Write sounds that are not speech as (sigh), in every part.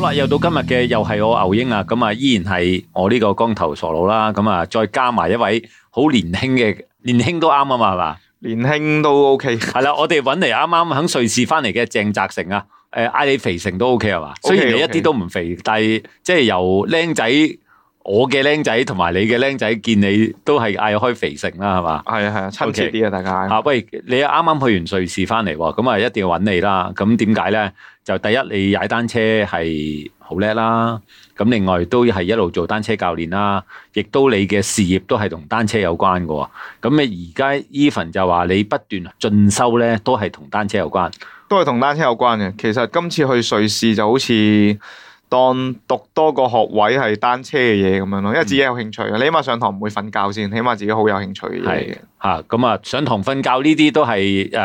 好啦，又到今日嘅，又係我牛英啊，咁啊，依然係我呢個光頭傻佬啦，咁啊，再加埋一位好年輕嘅，年輕都啱啊嘛，係嘛？年輕都 OK，係 (laughs) 啦，我哋揾嚟啱啱喺瑞士翻嚟嘅鄭澤誠啊，誒、呃，嗌你肥誠都 OK 係嘛？OK, 雖然你一啲都唔肥，OK, 但係即係由僆仔。我嘅僆仔同埋你嘅僆仔見你都係嗌開肥誠啦，係嘛？係啊係啊，親切啲啊，Okay. 大家吓喂！你啱啱去完瑞士翻嚟喎，咁啊一定要搵你啦！咁點解咧？就第一你踩單車係好叻啦，咁另外都係一路做單車教練啦，亦都你嘅事業都係同單車有關嘅。咁你而家 Evan 就話你不斷進修咧，都係同單車有關，都係同單車有關嘅。其實今次去瑞士就好似。當讀多個學位係單車嘅嘢咁樣咯，因為自己有興趣啊。嗯、你起碼上堂唔會瞓覺先，起碼自己好有興趣嘅嘢係吓，咁啊，上堂瞓覺呢啲都係誒，僆、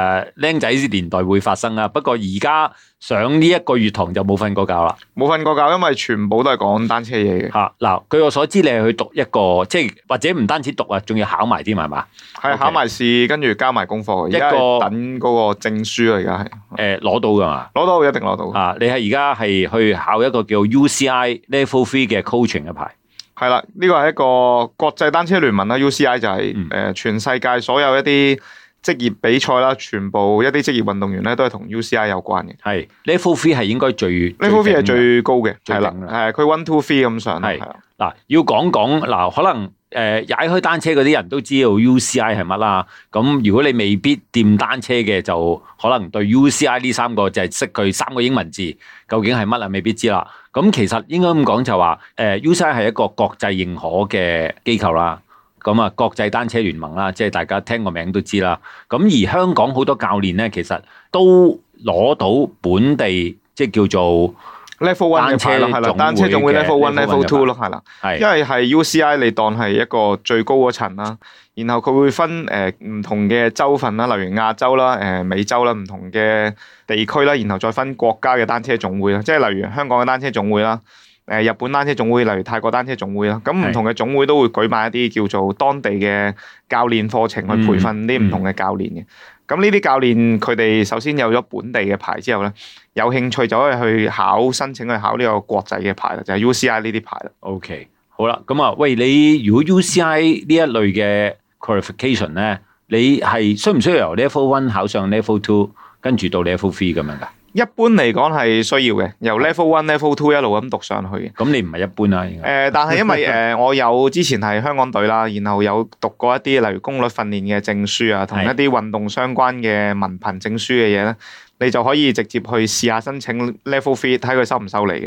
呃、仔年代會發生啊。不過而家。上呢一個月堂就冇瞓過覺啦，冇瞓過覺，因為全部都係講單車嘢嘅。嚇嗱、啊，據我所知，你係去讀一個，即係或者唔單止讀啊，仲要考埋啲，係嘛？係考埋試，跟住交埋功課。而家等嗰個證書啊，而家係誒攞到㗎嘛？攞到，一定攞到。啊，你係而家係去考一個叫 UCI Level Three 嘅 coaching 嘅牌。係啦，呢、這個係一個國際單車聯盟啦，UCI 就係、是、誒、嗯呃、全世界所有一啲。職業比賽啦，全部一啲職業運動員咧都係同 UCI 有關嘅。係 Level Three 係應該最 Level Three 係最高嘅，係啦，係佢 One Two Three 咁上。係嗱的，要講講嗱，可能誒、呃、踩開單車嗰啲人都知道 UCI 係乜啦。咁如果你未必掂單車嘅，就可能對 UCI 呢三個就係、是、識佢三個英文字，究竟係乜啊？未必知啦。咁其實應該咁講就話誒，UCI 係一個國際認可嘅機構啦。咁啊，國際單車聯盟啦，即係大家聽個名都知啦。咁而香港好多教練咧，其實都攞到本地即係叫做 level one 單車啦，係啦，單車總會 level one、level two 咯，係啦，係，因為係 UCI 你當係一個最高嗰層啦。然後佢會分誒唔同嘅州份啦，例如亞洲啦、誒美洲啦，唔同嘅地區啦，然後再分國家嘅單車總會啦，即係例如香港嘅單車總會啦。誒日本單車總會，例如泰國單車總會啦，咁唔同嘅總會都會舉辦一啲叫做當地嘅教練課程去培訓啲唔同嘅教練嘅。咁呢啲教練佢哋首先有咗本地嘅牌之後咧，有興趣就可以去考申請去考呢個國際嘅牌啦，就係 UCI 呢啲牌啦。OK，好啦，咁啊，喂你如果 UCI 呢一類嘅 qualification 咧，你係需唔需要由 Level One 考上 Level Two，跟住到 Level Three 咁樣噶？一般嚟講係需要嘅，由 Level One、Level Two 一路咁讀上去嘅。咁你唔係一般啦、啊，應該、呃、但係因為誒、 (laughs) 呃，我有之前係香港隊啦，然後有讀過一啲例如功率訓練嘅證書啊，同一啲運動相關嘅文憑證書嘅嘢咧。你就可以直接去試下申請 Level Three，睇佢收唔收你嘅。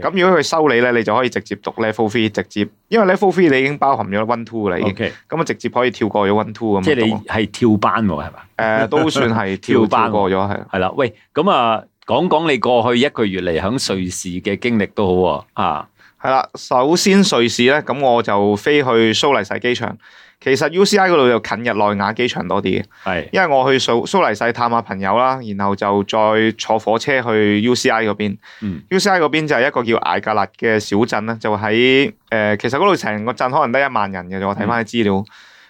咁 Okay. 如果佢收你咧，你就可以直接讀 Level Three，直接因為 Level Three 你已經包含咗 One Two 啦，已經。咁啊，直接可以跳過咗 One Two 咁。即係你係跳班喎，係嘛？誒、呃，都算係跳， (laughs) 跳班跳過咗係。係啦，喂，咁啊，講講你過去一個月嚟喺瑞士嘅經歷都好喎。啊，係啦、啊，首先瑞士咧，咁我就飛去蘇黎世機場。其實 U C I 嗰度就近日內瓦機場多啲嘅，係是，因為我去蘇蘇黎世探下朋友啦，然後就再坐火車去 U C I 嗰邊。嗯、U C I 嗰邊就係一個叫艾格勒嘅小鎮啦，就喺誒、呃，其實嗰度成個鎮可能得一萬人嘅，我睇翻啲資料。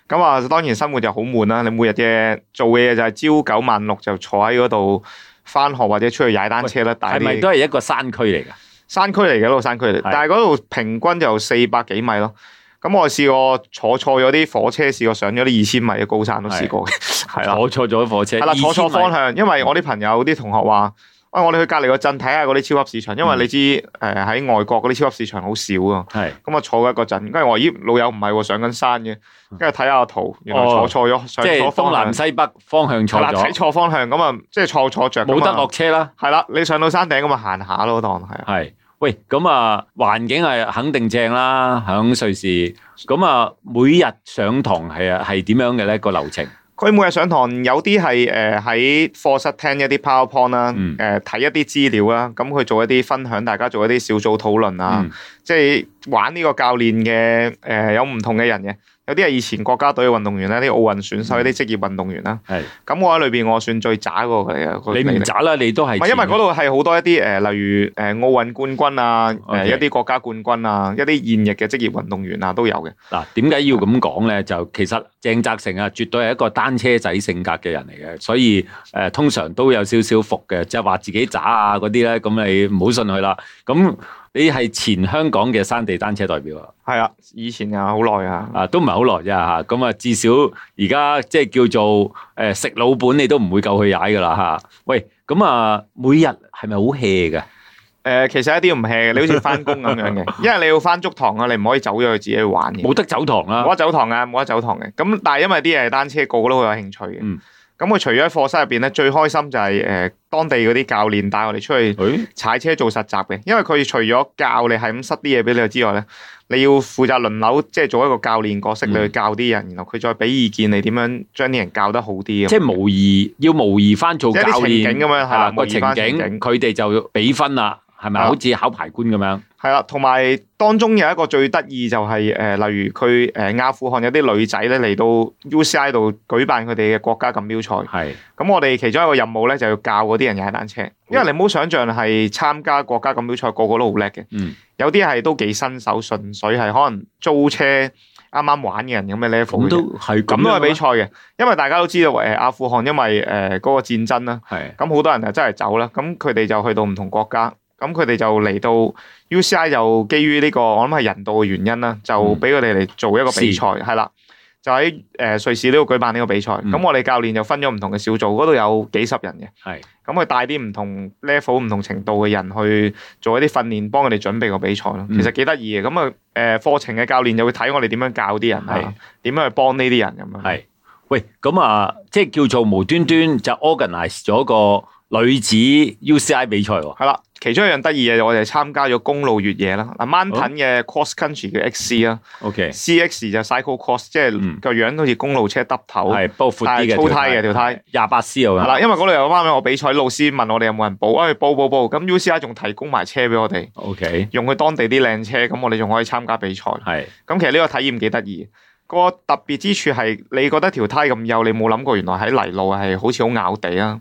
咁啊、嗯，當然生活就好悶啦，你每日嘅做嘢就係朝九晚六，就坐喺嗰度翻學或者出去踩單車啦。係咪喂都係一個山區嚟噶？山區嚟嘅嗰個山區，但係嗰度平均就四百幾米咯。的咁我試過坐錯咗啲火車，試過上咗啲二千米嘅高山都試過嘅，係啦，坐錯咗火車，係啦，坐錯方向，因為我啲朋友、啲同學話，啊，我哋去隔籬個鎮睇下嗰啲超級市場，因為你知，誒喺外國嗰啲超級市場好少啊，係，咁啊坐一個陣，跟住咦老友唔係喎，上緊山嘅，跟住睇下個圖，原來坐錯咗，即係東南西北方向錯咗，睇錯方向，咁啊即係坐坐着，冇得落車啦，係啦，你上到山頂咁啊行下咯，當係。喂，咁啊，環境係肯定正啦，喺瑞士。咁啊，每日上堂係啊係點樣嘅咧？個流程？佢每日上堂有啲係誒喺課室聽一啲 PowerPoint 啦，呃，誒睇一啲資料啦，咁佢做一啲分享，大家做一啲小組討論啊，嗯，即係玩呢個教練嘅誒，呃，有唔同嘅人嘅。有啲係以前國家隊嘅運動員咧，啲奧運選手、啲職業運動員啦。係。咁我喺裏邊，我算最渣個嚟嘅。你唔渣啦，你都係。唔係，因為嗰度係好多一啲誒，例如誒奧運冠軍啊，誒一啲國家冠軍啊，一啲現役嘅職業運動員啊都有嘅。嗱，點解要咁講咧？就其實鄭澤誠啊，絕對係一個單車仔性格嘅人嚟嘅，所以誒通常都有少少伏嘅，即係話自己渣啊嗰啲咧，咁你唔好信佢啦。咁。你係前香港嘅山地單車代表啊？係啊，以前啊，好耐啊。啊，都唔係好耐啫吓。咁啊，至少而家即係叫做誒、呃、食老本，你都唔會夠去踩噶啦吓。喂，咁啊，每日係咪好 hea 嘅？誒、呃，其實一啲唔 hea 嘅，你好似翻工咁樣嘅。 (laughs) 因為你要翻足堂啊，你唔可以走咗去自己去玩嘅。冇得走堂啊。冇得走堂啊，冇得走堂嘅。咁但係因為啲嘢係單車，個個都好有興趣嘅。嗯咁佢除咗喺課室入邊咧，最開心就係、是、誒、呃、當地嗰啲教練帶我哋出去踩車做實習嘅，因為佢除咗教你係咁塞啲嘢俾你之外咧，你要負責輪流即係、就是、做一個教練角色，你去、嗯、教啲人，然後佢再俾意見你點樣將啲人教得好啲嘅。即係模擬，要模擬翻做教練噉樣係啦個情景，佢哋就要畀分啦。係咪好似考牌官咁樣？係啦、啊，同埋、啊、當中有一個最得意就係、是、誒、呃，例如佢誒、呃、阿富汗有啲女仔咧嚟到 UCI 度舉辦佢哋嘅國家錦標賽。係是。咁我哋其中一個任務咧就要教嗰啲人踩單車，因為你唔好想象係參加國家錦標賽個個都好叻嘅。嗯。有啲係都幾新手順，純粹係可能租車啱啱玩嘅人咁嘅 level 咁都係咁都係比賽嘅，因為大家都知道誒、呃、阿富汗因為誒嗰、呃那個戰爭啦。係是。咁好多人啊真係走啦，咁佢哋就去到唔同國家。咁佢哋就嚟到 UCI 就基於呢個我諗係人道嘅原因啦，就俾佢哋嚟做一個比賽，係啦、嗯，就喺誒瑞士呢度舉辦呢個比賽。咁、嗯、我哋教練就分咗唔同嘅小組，嗰度有幾十人嘅。係是，咁佢帶啲唔同 level、唔同程度嘅人去做一啲訓練，幫佢哋準備個比賽咯。嗯、其實幾得意嘅。咁啊誒課程嘅教練就會睇我哋點樣教啲人，係點是、啊、樣去幫呢啲人咁樣。係，喂，咁啊，即係叫做無端端，端就 organize 咗個女子 UCI 比賽喎、哦，係啦，其中一樣得意嘅就我哋參加咗公路越野啦，嗱，mountain 嘅 cross country 嘅 XC 啦，OK，CX Okay. 就 cycle cross、嗯、即係個樣好似公路車耷頭，係，都闊啲嘅，粗胎嘅條胎，廿八 C 我覺得，係啦，因為嗰度有啱啱我比賽，老師問我哋有冇人報，哎，報報報，咁 UCI 仲提供埋車俾我哋，OK，用佢當地啲靚車，咁我哋仲可以參加比賽，係是，咁其實呢個體驗幾得意，個特別之處係你覺得條胎咁幼，你冇諗過原來喺泥路係好似好咬地啊。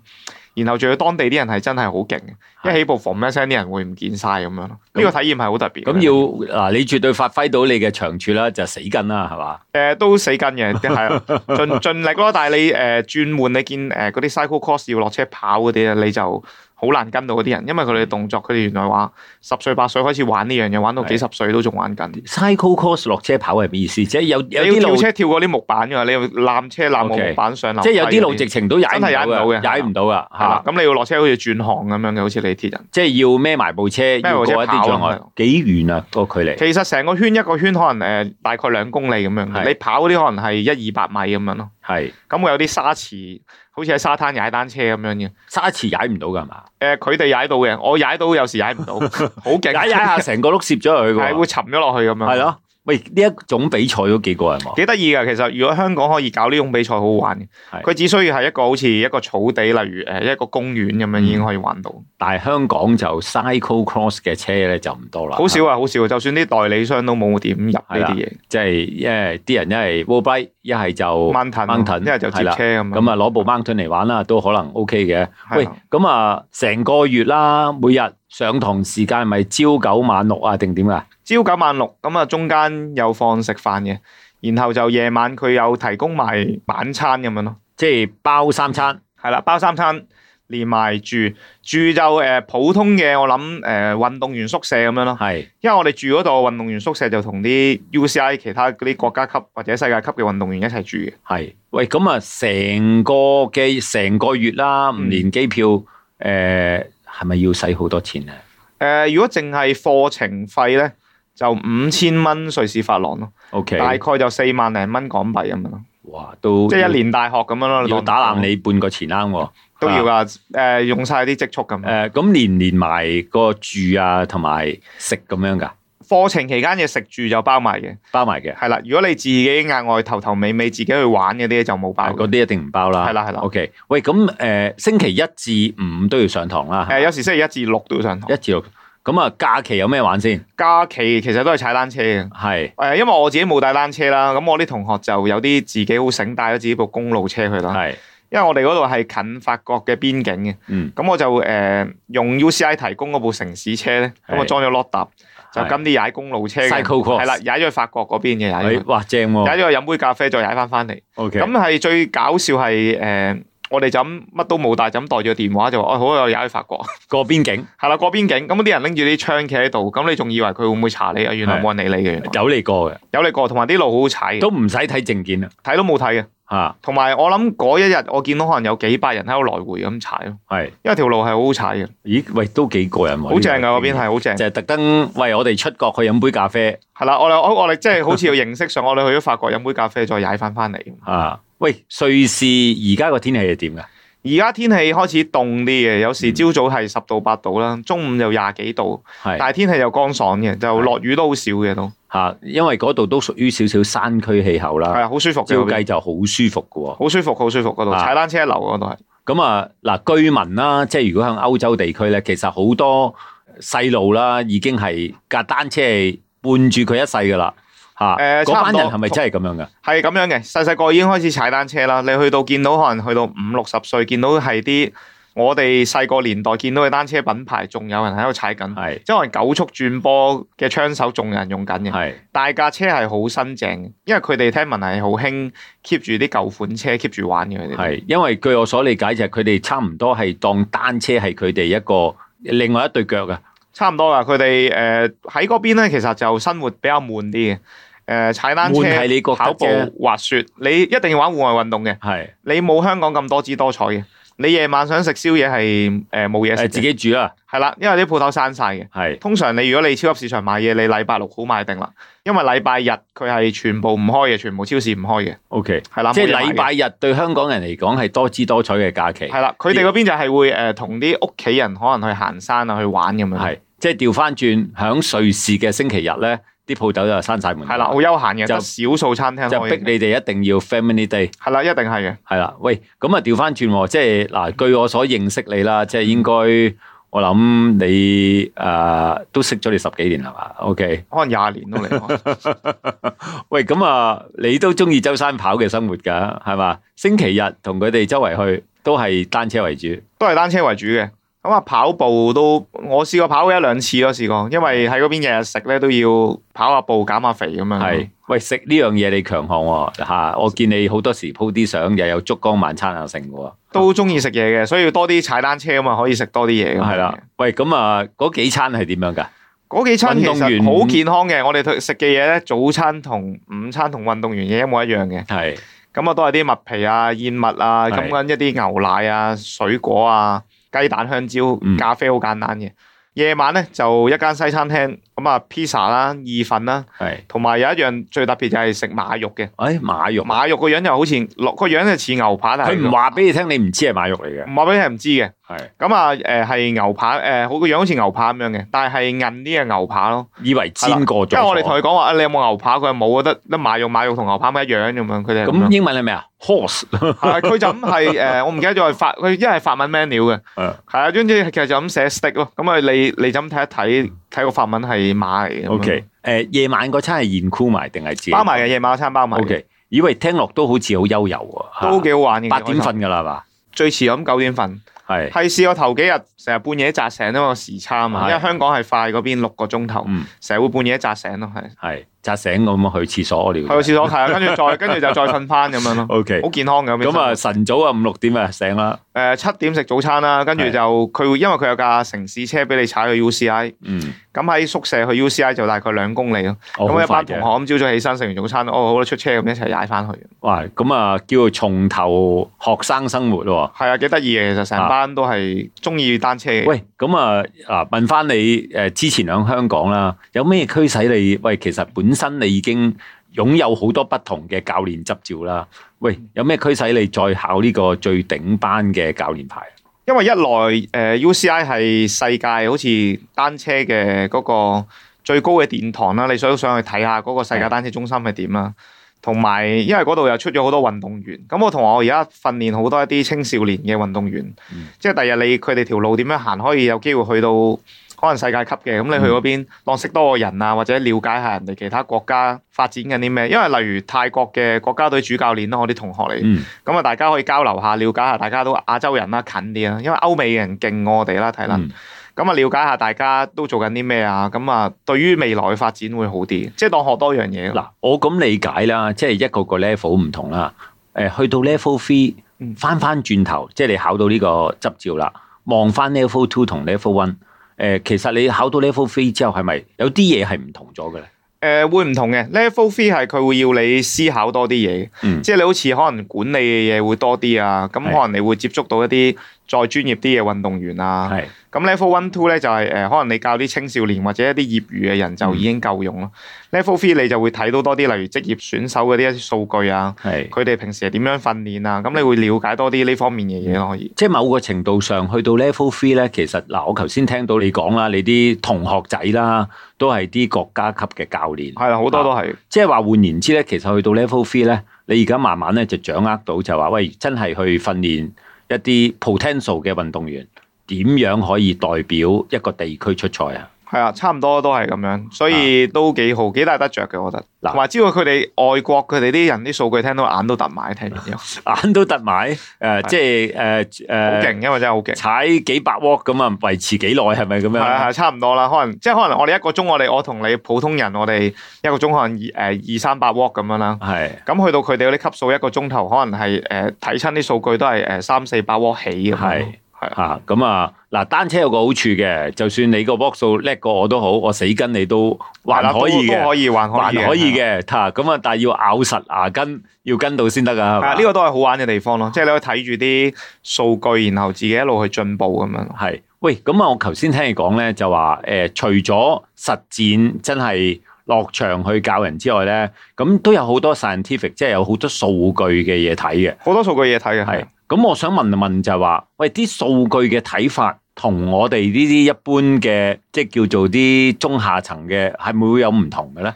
然後仲有當地啲人係真係好勁嘅，的一起步嘭一聲啲人會唔見晒。咁樣咯，呢那個體驗係好特別。咁要嗱，你絕對發揮到你嘅長處啦，就死筋梗啦，係嘛？誒、呃，都死梗嘅，係 (laughs) 盡盡力咯。但係你誒、呃、轉換，你見誒嗰啲 cycle cross 要落車跑嗰啲咧，你就～好難跟到嗰啲人，因為佢哋嘅動作，佢哋原來話十歲八歲開始玩呢樣嘢，玩到幾十歲都仲玩緊。Cyclocross 落車跑係咩意思？即係有有啲路車跳過啲木板㗎，你要攬車攬木板上，即係有啲路直程都踩唔到嘅，踩唔到㗎嚇。咁你要落車好似轉行咁樣嘅，好似地鐵人。即係要孭埋部車，要一啲障礙，幾遠啊個距離？其實成個圈一個圈可能誒大概兩公里咁樣，你跑嗰啲可能係一二百米咁樣咯。係，咁會是有啲沙池，好似喺沙灘踩單車咁樣嘅，沙池踩唔到噶係嘛？誒、呃，佢哋踩到嘅，我踩到有時踩唔到，好勁， (laughs) 踩踩 (laughs) 下成個碌攝咗佢個，係會沉咗落去咁樣，係咯。喂，呢一種比賽都幾過人嘛？幾得意嘅，其實如果香港可以搞呢種比賽，好好玩嘅。佢只需要係一個好似一個草地，例如誒一個公園咁樣，已經可以玩到。但係香港就 cycle cross 嘅車咧就唔多啦，好少啊，好少。就算啲代理商都冇點入呢啲嘢，即係一係啲人一係 walk by，一係就 mountain，一係就接車咁。咁啊，攞部 mountain 嚟玩啦，都可能 OK 嘅。喂，咁啊，成個月啦，每日。上堂時間係咪朝九晚六啊？定點啊？朝九晚六咁啊，中間有放食飯嘅，然後就夜晚佢有提供埋晚餐咁、嗯、樣咯，即係包三餐，係啦，包三餐連埋住住就誒、是呃、普通嘅，我諗誒運動員宿舍咁樣咯。係是，因為我哋住嗰度運動員宿舍就同啲 U C I 其他啲國家級或者世界級嘅運動員一齊住嘅。係，喂，咁啊，成個機成個月啦，唔連機票誒。呃嗯係咪要使好多錢咧？誒、呃，如果淨係課程費咧，就五千蚊瑞士法郎咯。OK，大概就四萬零蚊港幣咁樣咯。哇，都即係一年大學咁樣咯，要打爛你半個錢啦，哦、都要㗎。誒、呃，用晒啲積蓄咁。誒、呃，咁年年埋個住啊，同埋食咁樣㗎、啊。課程期間嘅食住就包埋嘅，包埋嘅，係啦。如果你自己額外頭頭尾尾自己去玩嗰啲就冇包。嗰啲一定唔包啦。係啦，係啦。OK，喂，咁誒、呃、星期一至五都要上堂啦。誒、呃，有時星期一至六都要上堂。一至六，咁啊，假期有咩玩先？假期其實都係踩單車嘅，係誒的，因為我自己冇帶單車啦。咁我啲同學就有啲自己好醒帶咗自己部公路車去啦。係的，因為我哋嗰度係近法國嘅邊境嘅，嗯，咁我就誒、呃、用 UCI 提供嗰部城市車咧，咁我裝咗 lock u 就咁啲踩公路車嘅，係啦，踩咗去法國嗰邊嘅，踩，哇，正喎，踩咗去飲杯咖啡，再踩翻翻嚟。OK，咁係最搞笑係誒，我哋就咁乜都冇帶，就咁袋住個電話就，我好啊，我踩去法國，過邊境，係啦，過邊境。咁啲人拎住啲槍企喺度，咁你仲以為佢會唔會查你啊？原來冇人理你嘅，有你過嘅，有你過，同埋啲路好好踩嘅，都唔使睇證件啊，睇都冇睇嘅。啊！同埋我諗嗰一日我見到可能有幾百人喺度來回咁踩咯，係是，因為條路係好好踩嘅。咦？喂，都幾過癮喎！好正啊！嗰邊係好正，嗯、就特登喂我哋出國去飲杯咖啡。係啦，我哋我我哋即係好似有形式上， (laughs) 我哋去咗法國飲杯咖啡再，再踩翻翻嚟。啊！喂，瑞士而家個天氣係點噶？而家天氣開始凍啲嘅，有時朝早係十到八度十度八度啦，中午又廿幾度，是但係天氣又乾爽嘅，就落雨都好少嘅都。嚇的，因為嗰度都屬於少少山區氣候啦。係啊，好舒，邊舒，舒服。照計就好舒服㗎喎。好舒服，好舒服嗰度。的踩單車一流嗰度係。咁啊，嗱、啊、居民啦，即係如果喺歐洲地區咧，其實好多細路啦，已經係架單車係伴住佢一世㗎啦。吓，誒、啊，嗰班人係咪真係咁樣噶？係咁樣嘅，細細個已經開始踩單車啦。你去到見到可能去到五六十歲，見到係啲我哋細個年代見到嘅單車品牌，仲有人喺度踩緊，係是即係可能九速轉波嘅槍手，仲有人用緊嘅，係是大架車係好新淨，因為佢哋聽聞係好興 keep 住啲舊款車 keep 住玩嘅。係因為據我所理解就係佢哋差唔多係當單車係佢哋一個另外一對腳噶，差唔多噶。佢哋誒喺嗰邊咧，其實就生活比較悶啲嘅。誒踩單車、跑步、滑雪，你一定要玩戶外運動嘅。係。你冇香港咁多姿多彩嘅。你夜晚想食宵夜係誒，冇嘢食。自己煮啦。係啦，因為啲鋪頭閂晒嘅。係。通常你如果你超級市場買嘢，你禮拜六好買定啦。因為禮拜日佢係全部唔開嘅，全部超市唔開嘅。OK。係啦，即係禮拜日對香港人嚟講係多姿多彩嘅假期。係啦，佢哋嗰邊就係會誒，同啲屋企人可能去行山啊，去玩咁樣。係。即係調返轉，響瑞士嘅星期日咧。啲鋪頭就閂晒門，係啦，好休閒嘅，就少數餐廳。就逼你哋一定要 family day，係啦，一定係嘅。係啦，喂，咁啊調翻轉，即係嗱，據我所認識你啦，即係應該，我諗你誒都識咗你十幾年係嘛？OK，可能廿年都嚟。喂，咁啊，你都中意周山跑嘅生活㗎，係嘛？星期日同佢哋周圍去都係單車為主，都係單車為主嘅。咁啊，跑步都我試過跑過一兩次咯，試過。因為喺嗰邊日日食咧，都要跑下步減下肥咁樣。係，喂，食呢樣嘢你強項喎吓，我見你好多時鋪啲相又有燭光晚餐又成嘅喎。都中意食嘢嘅，所以要多啲踩單車啊嘛，可以食多啲嘢。係啦，喂，咁啊，嗰幾餐係點樣噶？嗰幾餐其實好健康嘅，我哋食嘅嘢咧，早餐同午餐同運動員嘅一模一樣嘅。係。咁啊，都係啲麥皮啊、燕麥啊，跟緊一啲牛奶啊、水果啊。雞蛋、香蕉、咖啡好簡單嘅，嗯，夜晚咧就一間西餐廳。咁啊，披薩啦，意粉啦，同埋有一樣最特別就係食馬肉嘅。誒，馬肉，馬肉個樣就好似落個樣就似牛扒，但係佢唔話俾你聽，你唔知係馬肉嚟嘅。唔話俾你聽唔知嘅。係。咁啊，誒係牛扒，誒好個樣好似牛扒咁樣嘅，但係韌啲嘅牛扒咯。以為煎過咗。即係我哋同佢講話，你有冇牛扒？佢話冇，覺得得馬肉，馬肉同牛扒咪一樣咁樣。佢哋咁英文係咩啊？Horse。佢就咁係我唔記得咗係法，佢一係法文 menu 嘅。係啊，係啊，總之其實就咁寫 stick 咯。咁啊，你你就咁睇一睇，睇個法文係。夜晚嚟嘅，OK，誒夜晚嗰餐係宴箍埋定係包埋嘅？夜晚嗰餐，餐包埋，OK。以為聽落都好似好悠遊喎，啊，都幾好玩嘅。八點瞓㗎啦，係嘛能？最遲我諗九點瞓，係係是試過頭幾日成日半夜扎醒都個時差啊，是因為香港係快嗰邊六個鐘頭，成日、嗯、會半夜扎醒咯，係。扎醒咁去廁所尿，去廁所睇，跟住再跟住就再瞓翻咁樣咯。O K，好健康咁樣。咁啊，晨早啊，五六點啊，醒啦。誒，七點食早餐啦，跟住就佢會因為佢有架城市車俾你踩去 U C I。嗯。咁喺宿舍去 U C I 就大概兩公里咯。咁一班同學咁朝早起身食完早餐，哦，好啦，出車咁一齊踩翻去。喂，咁啊，叫做從頭學生生活咯。係啊，幾得意嘅，其實成班都係中意單車。喂，咁啊，嗱，問翻你誒，之前響香港啦，有咩驅使你？喂，其實本本身你已經擁有好多不同嘅教練執照啦，喂，有咩驅使你再考呢個最頂班嘅教練牌？因為一來，誒、呃、U C I 係世界好似單車嘅嗰個最高嘅殿堂啦，你想上去睇下嗰個世界單車中心係點啦，同埋因為嗰度又出咗好多運動員，咁我同我而家訓練好多一啲青少年嘅運動員，嗯、即係第日你佢哋條路點樣行，可以有機會去到。可能世界級嘅，咁你去嗰邊當識多個人啊，或者了解下人哋其他國家發展緊啲咩？因為例如泰國嘅國家隊主教練啦，我啲同學嚟，咁啊、嗯、大家可以交流下，了解下大家都亞洲人啦，近啲啊，因為歐美人勁過我哋啦，睇撚。咁啊、嗯，了解下大家都做緊啲咩啊？咁啊，對於未來嘅發展會好啲，即係當學多樣嘢。嗱，我咁理解啦，即、就、係、是、一個個 level 唔同啦。誒，去到 level three，翻翻轉頭，即、就、係、是、你考到呢個執照啦，望翻 level two 同 level one。誒，其實你考到呢 e v 之後，係咪有啲嘢係唔同咗嘅咧？誒、呃，會唔同嘅呢 e v e 係佢會要你思考多啲嘢，嗯、即係你好似可能管理嘅嘢會多啲啊，咁可能你會接觸到一啲。再專業啲嘅運動員啊，咁是 level one two 咧就係、是、誒、呃，可能你教啲青少年或者一啲業餘嘅人就已經夠用咯。嗯、level three 你就會睇到多啲，例如職業選手嘅一啲數據啊，佢哋是平時係點樣訓練啊，咁你會了解多啲呢方面嘅嘢咯。可以，即係某個程度上，去到 level three 咧，其實嗱、呃，我頭先聽到你講啦，你啲同學仔啦，都係啲國家級嘅教練，係啦，好多都係、啊。即係話換言之咧，其實去到 level three 咧，你而家慢慢咧就掌握到就話喂，真係去訓練。一啲 potential 嘅運動員，點樣可以代表一個地區出賽啊？係啊，差唔多都係咁樣，所以都幾好，幾大得着嘅，我覺得。同埋喏知道佢哋外國佢哋啲人啲數據聽到眼都突埋，聽唔聽到？ (laughs) 眼都突埋，誒、呃，是即係誒誒，好、呃、勁因為，真係好勁，踩幾百 watt 咁啊，維持幾耐係咪咁樣？係係差唔多啦，可能即係可能我哋一個鐘我哋我同你普通人我哋一個鐘可能誒二,二三百 watt 咁樣啦。係是。咁去到佢哋嗰啲級數一個鐘頭，可能係誒睇親啲數據都係誒三四百 watt 起咁。係是。係啊，咁啊，嗱，單車有個好處嘅，就算你個 watt 數叻過我都好，我死跟你都還可以，可以，還可以嘅，咁啊，但係要咬實牙根，要跟到先得噶。呢個都係好玩嘅地方咯，即係你可以睇住啲數據，然後自己一路去進步咁樣。係，喂，咁啊，我頭先聽你講咧，就話誒，除咗實戰真係落場去教人之外咧，咁都有好多 scientific，即係有好多數據嘅嘢睇嘅，好多數據嘢睇嘅，係。咁我想問一問就係、是、話，喂啲數據嘅睇法同我哋呢啲一般嘅，即係叫做啲中下層嘅，係咪會有唔同嘅咧？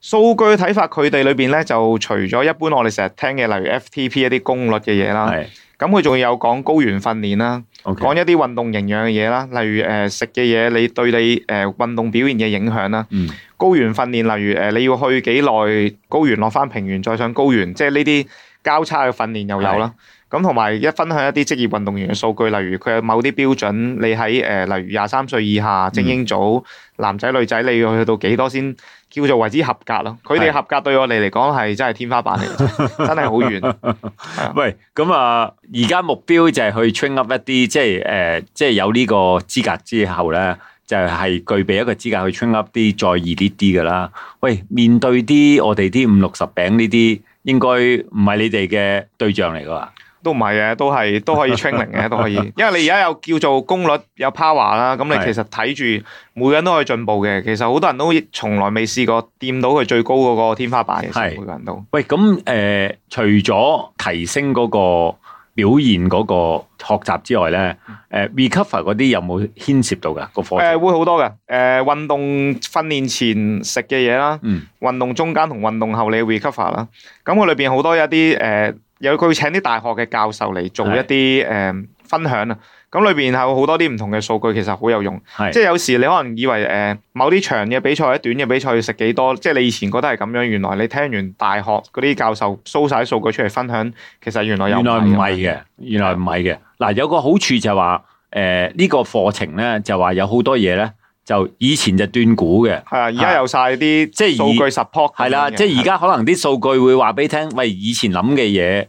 數據嘅睇法裡，佢哋裏邊咧就除咗一般我哋成日聽嘅，例如 FTP 一啲功率嘅嘢啦，咁佢仲有講高原訓練啦，Okay. 講一啲運動營養嘅嘢啦，例如誒食嘅嘢你對你誒運動表現嘅影響啦，嗯、高原訓練例如誒你要去幾耐高原落返平原再上高原，即係呢啲交叉嘅訓練又有啦。是咁同埋一分享一啲職業運動員嘅數據，例如佢有某啲標準，你喺誒、呃，例如廿三歲以下精英組、嗯、男仔女仔，你要去到幾多先叫做為之合格咯？佢哋、嗯、合格對我哋嚟講係真係天花板嚟， (laughs) 真係好遠。喂，咁、嗯、啊，而家目標就係去 train up 一啲，即係誒，即係有呢個資格之後咧，就係、是、具備一個資格去 train up 啲再易啲啲嘅啦。喂，面對啲我哋啲五六十餅呢啲，應該唔係你哋嘅對象嚟㗎。都唔係嘅，都係都可以 training 嘅，都可以。因為你而家有叫做功率有 power 啦，咁你其實睇住是每個人都可以進步嘅。其實好多人都從來未試過掂到佢最高嗰個天花板嘅，是每個人都。喂，咁誒、呃，除咗提升嗰個表現嗰個學習之外咧，誒、嗯呃、recover 嗰啲有冇牽涉到噶、那個課？誒、呃、會好多嘅，誒、呃、運動訓練前食嘅嘢啦，嗯，運動中間同運動後你 recover 啦，咁佢裏邊好多一啲誒。呃有佢會請啲大學嘅教授嚟做一啲誒分享啊，咁裏邊係好多啲唔同嘅數據，其實好有用。係，即係有時你可能以為誒某啲長嘅比賽或者短嘅比賽要食幾多，即係你以前覺得係咁樣，原來你聽完大學嗰啲教授 show 曬數據出嚟分享，其實原來又唔係嘅，原來唔係嘅。嗱，有個好處就係話誒呢個課程咧，就係話有好多嘢咧。就以前就斷估嘅，係啊！而家有晒啲即係數據 support，係啦的。即係而家可能啲數據會話俾你聽，咪以前諗嘅嘢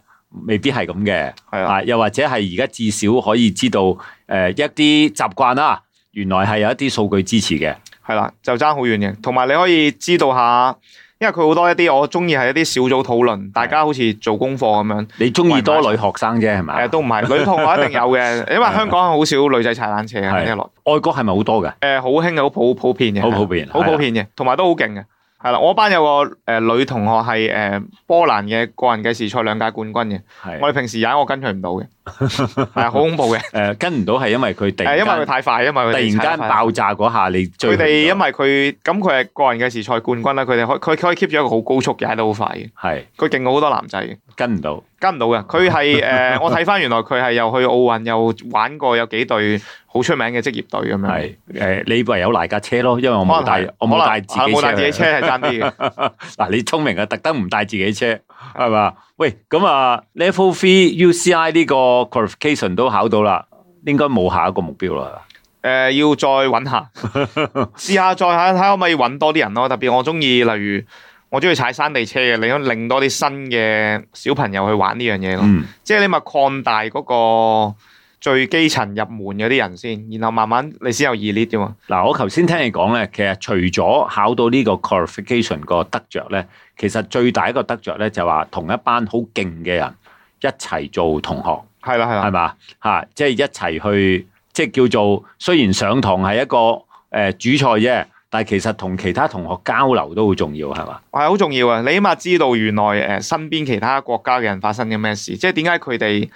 未必係咁嘅，係的啊。又或者係而家至少可以知道誒、呃、一啲習慣啦、啊，原來係有一啲數據支持嘅，係啦，就爭好遠嘅。同埋你可以知道下。因為佢好多一啲我中意係一啲小組討論，大家好似做功課咁樣。你中意多女學生啫，係咪？誒、呃，都唔係，女同學一定有嘅，因為香港好少女仔踩單車嘅。外國係咪好多㗎？誒、呃，好興嘅，好普普遍嘅。好普遍，好的普遍嘅，同埋都好勁嘅。係啦，我班有個誒女同學係誒、呃、波蘭嘅，個人嘅時賽兩屆冠軍嘅。的我哋平時踩我跟隨唔到嘅。係好恐怖嘅，誒跟唔到係因為佢哋，係因為佢太快，因為佢突然間爆炸嗰下你佢哋因為佢咁佢係個人嘅時賽冠軍啦，佢哋可佢可以 keep 住一個好高速嘅，踩得好快嘅，係佢勁過好多男仔嘅，跟唔到，跟唔到嘅，佢係誒我睇翻原來佢係又去奧運又玩過有幾隊好出名嘅職業隊咁樣，係誒你唯有拿架車咯，因為我冇帶，我冇帶自己車係爭啲嘅，嗱你聰明啊，特登唔帶自己車係嘛？喂，咁啊，Level 3 UCI 呢個 qualification 都考到啦，應該冇下一個目標啦，誒、呃，要再揾下，試 (laughs) 下再睇下可唔可以揾多啲人咯，特別我中意，例如我中意踩山地車嘅，你想令多啲新嘅小朋友去玩呢樣嘢咯，嗯、即係你咪擴大嗰、那個最基層入門嗰啲人先，然後慢慢你先有意烈啫嘛。嗱、啊，我頭先聽你講咧，其實除咗考到呢個 qualification 個得着咧，其實最大一個得着咧就話同一班好勁嘅人一齊做同學，係啦，係啦，係嘛嚇，即係、就是、一齊去，即、就、係、是、叫做雖然上堂係一個誒、呃、主菜啫，但係其實同其他同學交流都好重要，係嘛？係好重要啊！你起碼知道原來誒、呃、身邊其他國家嘅人發生咗咩事，即係點解佢哋？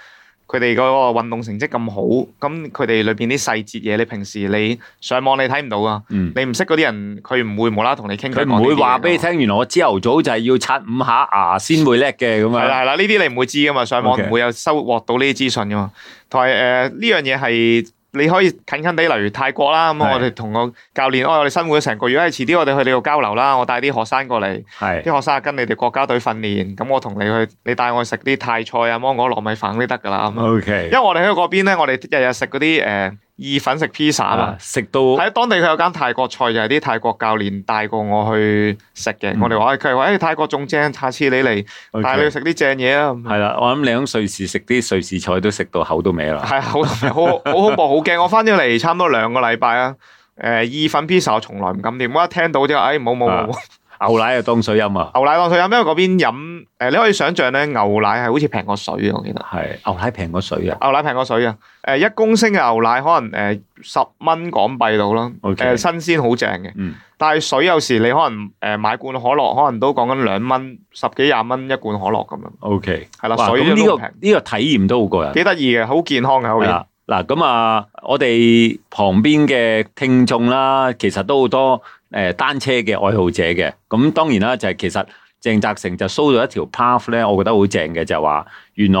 佢哋嗰個運動成績咁好，咁佢哋裏邊啲細節嘢，你平時你上網你睇唔到啊，嗯、你唔識嗰啲人，佢唔會無啦同你傾，佢唔會話畀你聽。原來我朝頭早就係要刷五下牙先會叻嘅咁樣。係啦，係啦，呢啲你唔會知㗎嘛，上網唔會有收穫到呢啲資訊㗎嘛。同埋誒呢樣嘢係。呃這個你可以近近地，例如泰國啦，咁是的 我哋同個教練是的、哦，我哋生活咗成個月，係遲啲我哋去你度交流啦，我帶啲學生過嚟，啲是的 學生跟你哋國家隊訓練，咁我同你去，你帶我去食啲泰菜啊、芒果、糯米飯都得噶啦，Okay. 因為我哋喺嗰邊咧，我哋日日食嗰啲誒。呃意粉食披 i z z 啊，食到喺當地佢有間泰國菜，就係、是、啲泰國教練帶過我去食嘅。嗯、我哋話佢係話：，誒、哎、泰國仲正，下次你嚟 Okay. 帶你去食啲正嘢啊！係啦、嗯，我諗你喺瑞士食啲瑞士菜都食到口都歪啦。係，好，好，好恐怖，好驚！ (laughs) 我翻咗嚟差唔多兩個禮拜啊。誒意粉披 i 我從來唔敢掂，我一聽到就誒冇冇冇。牛奶又當水飲啊！牛奶當水飲，因為嗰邊飲誒，你可以想象咧，牛奶係好似平過水嘅。我記得係牛奶平過水啊！牛奶平過水啊！誒、呃，一公升嘅牛奶可能誒、呃、十蚊港幣到啦，誒 Okay.、呃、新鮮好正嘅。嗯、但係水有時你可能誒、呃、買罐可樂，可能都講緊兩蚊十幾廿蚊一罐可樂咁樣。OK。係啦，水都好平。呢、這個這個體驗都好過癮。幾得意嘅，好健康啊！可以。嗱咁啊，我哋旁邊嘅聽眾啦，其實都好多誒單車嘅愛好者嘅。咁當然啦，就係其實鄭澤誠就 show 咗一條 path 咧，我覺得好正嘅，就係話原來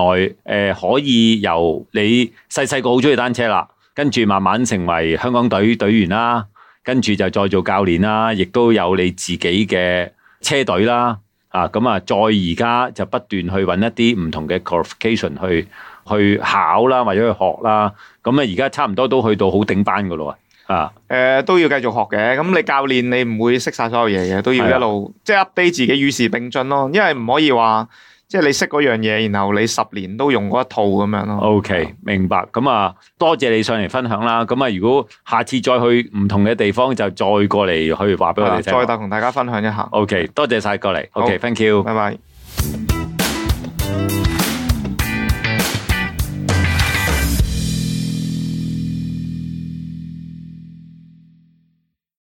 誒可以由你細細個好中意單車啦，跟住慢慢成為香港隊隊員啦，跟住就再做教練啦，亦都有你自己嘅車隊啦。啊咁啊，再而家就不斷去揾一啲唔同嘅 qualification 去。去考啦，或者去學啦，咁啊，而家差唔多都去到好頂班㗎咯喎，啊，誒、呃、都要繼續學嘅，咁你教練你唔會識晒所有嘢嘅，都要一路是的 即係 update 自己與時並進咯，因為唔可以話即係你識嗰樣嘢，然後你十年都用嗰一套咁樣咯。O Okay , K，吧明白，咁啊，多謝你上嚟分享啦，咁啊，如果下次再去唔同嘅地方就再過嚟去話俾我哋聽的，再同大家分享一下。O、okay, K，多謝晒過嚟好，O、okay, K，thank you，拜拜。